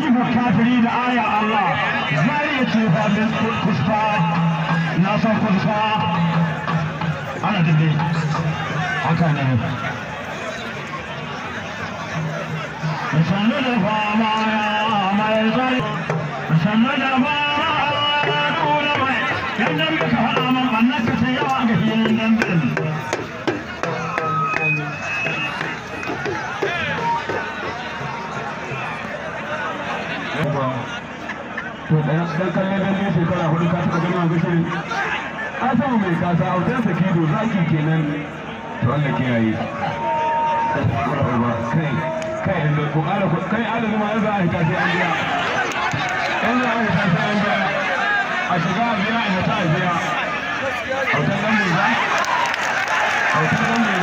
يعجب الكافرين آية الله زارية من كشفاء ناصر كشفاء أنا دبي حكانا مسند فاما يا ميزان مسند فاما يا نور يا نبي كهرام أنك سيواجه النبي dan kalle dambe shekara hudu ka ganin mai kasa zaki kai a biya a shiga a biya a biya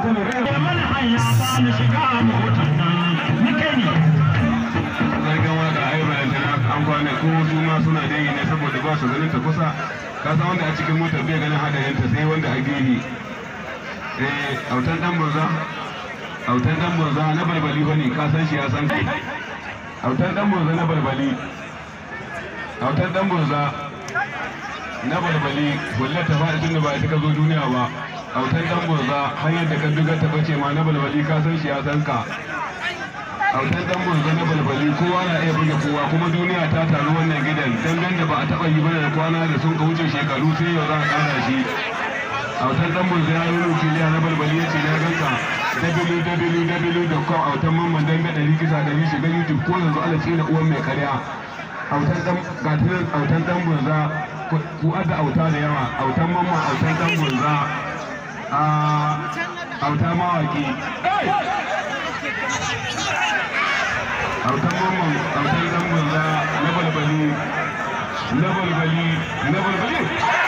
suna dai ne saboda ba su ta kusa kasa wanda a cikin motar bai ganin hadarin sai wanda a gefe eh autan dan burza autan dan na balbali bane ka san shi ya san kai autan dan burza na balbali autan dan burza na ba tun ba ta zo duniya ba autan dan burza hanyar da ka duga ta bace ma na balbali ka san shi ya san ka autan dan burza na balbali kowa na iya buga kowa kuma duniya ta taru wannan gidan dangan da ba a taba yi ba da kwana da sun ka wuce shekaru sai yau za a kara shi autan dan burza ya yi kiliya na balbali ya ce na ganka www.com autan mamman danga ɗari kisa da shiga youtube ko yanzu ala ce na uwan mai karya autan dan burza ku ada auta da yawa autan mamman autan dan burza a auta mawaki autan mamman autan zambon za na bali, na bali, na bali.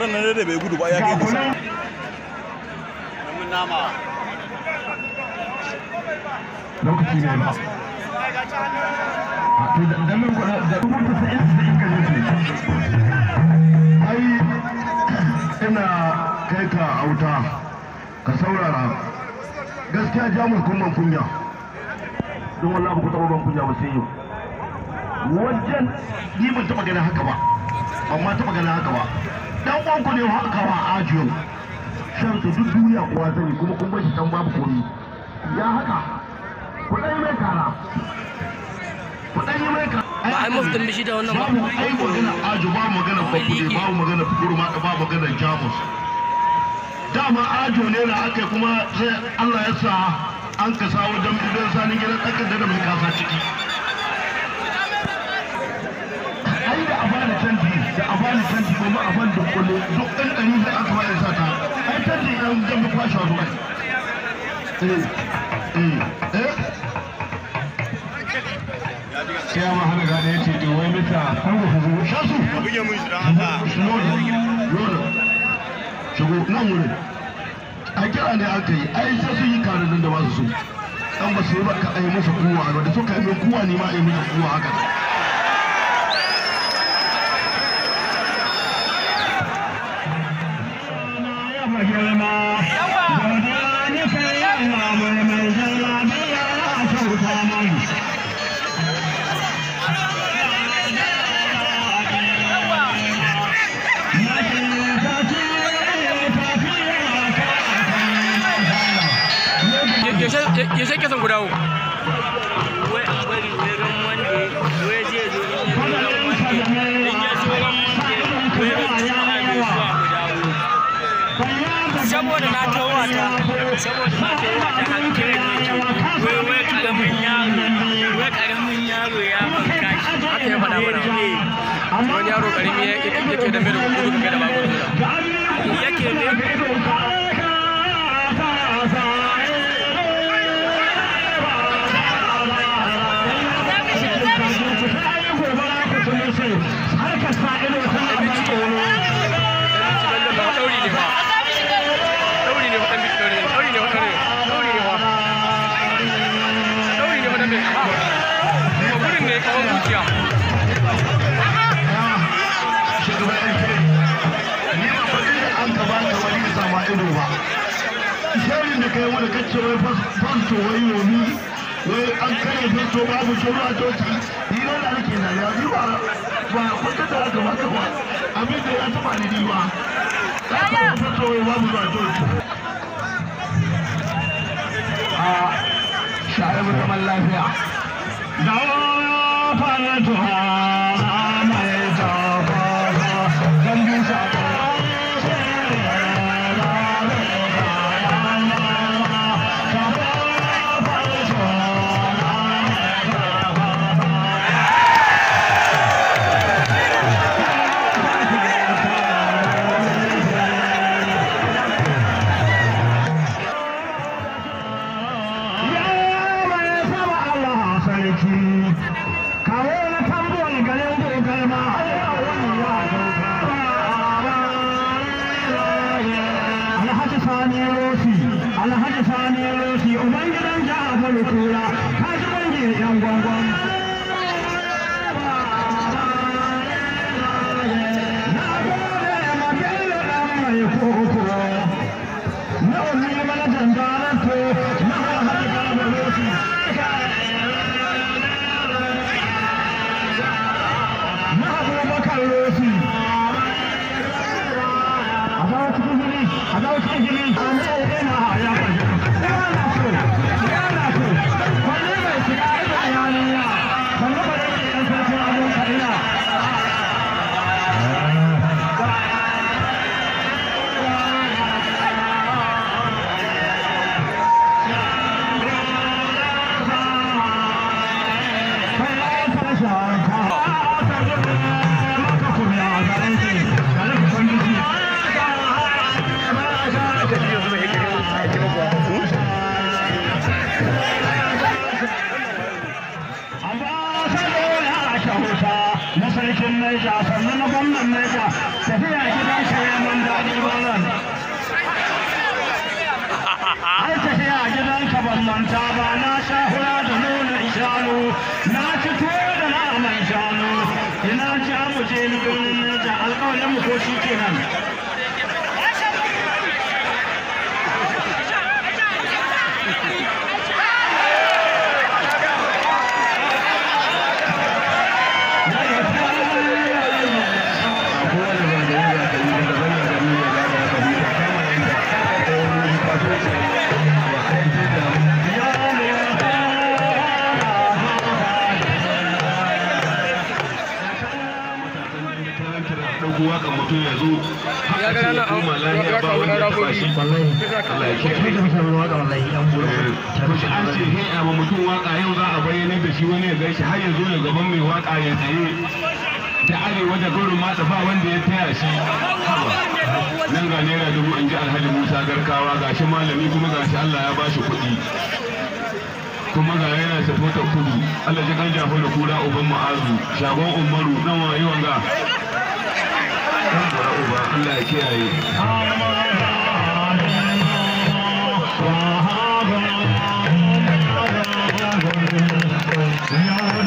ranar da bai gudu ba ya kai nisa lokaci ne ba da mun da kuma ta da ai ina kai ka auta ka saurara gaskiya jamus kun ban kunya don wallahi ku taba ban kunya ba sai yau wajen ni ban taba ganin haka ba amma taba ganin haka ba dan ku ne wa aka wa ajiyo shan su duk duniya kuwa zai kuma kun bashi dan babu komi ya haka ku yi mai kara ku dai mai kara ai muftin bishi da wannan babu ai magana ajo ba magana babu ne, babu magana kurma babu magana jamus dama ajo ne na aka kuma sai Allah ya sa an kasa wajen bidan sanin gidan tsakar da mai kasa ciki komi a fan duk kullum duk ɗan ɗari da aka wayar sa ta ai ta ce ɗan zan bi kwashe wa ruwan eh, eh, eh. ma hana Gane ya ce ke wai mita kan ku fuzo shasu ka buge mun shi dan shigo nan wurin a kira ne aka yi ai sai sun yi karatun da ba su so dan ba su yi ba ka ai musu kuwa ba da suka yi kuwa ne ma ai musu kuwa haka mata saboda mafi yawa ta hannu kiran wai karamin yaro wai karamin yaro ya banka shi haka ya faɗa mana eh, wani yaro karimi yake da mai da kudu da babur yake ne da wai fanto wai yomi wai an kare fanto babu shuru a toki ni nan da nake na ya ba ba kuka da haka ba ka ba abin da ya taba ni ba ka kare fanto wai babu a a sha'abu zaman lafiya da sani rosi alhaji sani rosi ubangidan jihar kura ka ji bangin yan gwangwan manta na sha hura da nonon shanu na ci tuwo da naman shanu ina ci abu je ni birnin da alƙawarin mu ko shi kenan fito yanzu ya ga nan an ya ka wani rabobi Allah ya kiyaye eh, to shi an ce he a mutum waka yau za a bayyana da shi wani ya gaishe har yanzu ya gaban mai waka ya tsaye da arewa da gurin mata ba wanda ya taya shi nan ga naira dubu in ji alhaji musa garkawa gashi malami kuma gashi allah ya shi kuɗi kuma ga yana safota kudu allah ji kan jafa da kura uban ma'azu shagon umaru nawa yi wanga uba Allah ya kiyaye Yeah.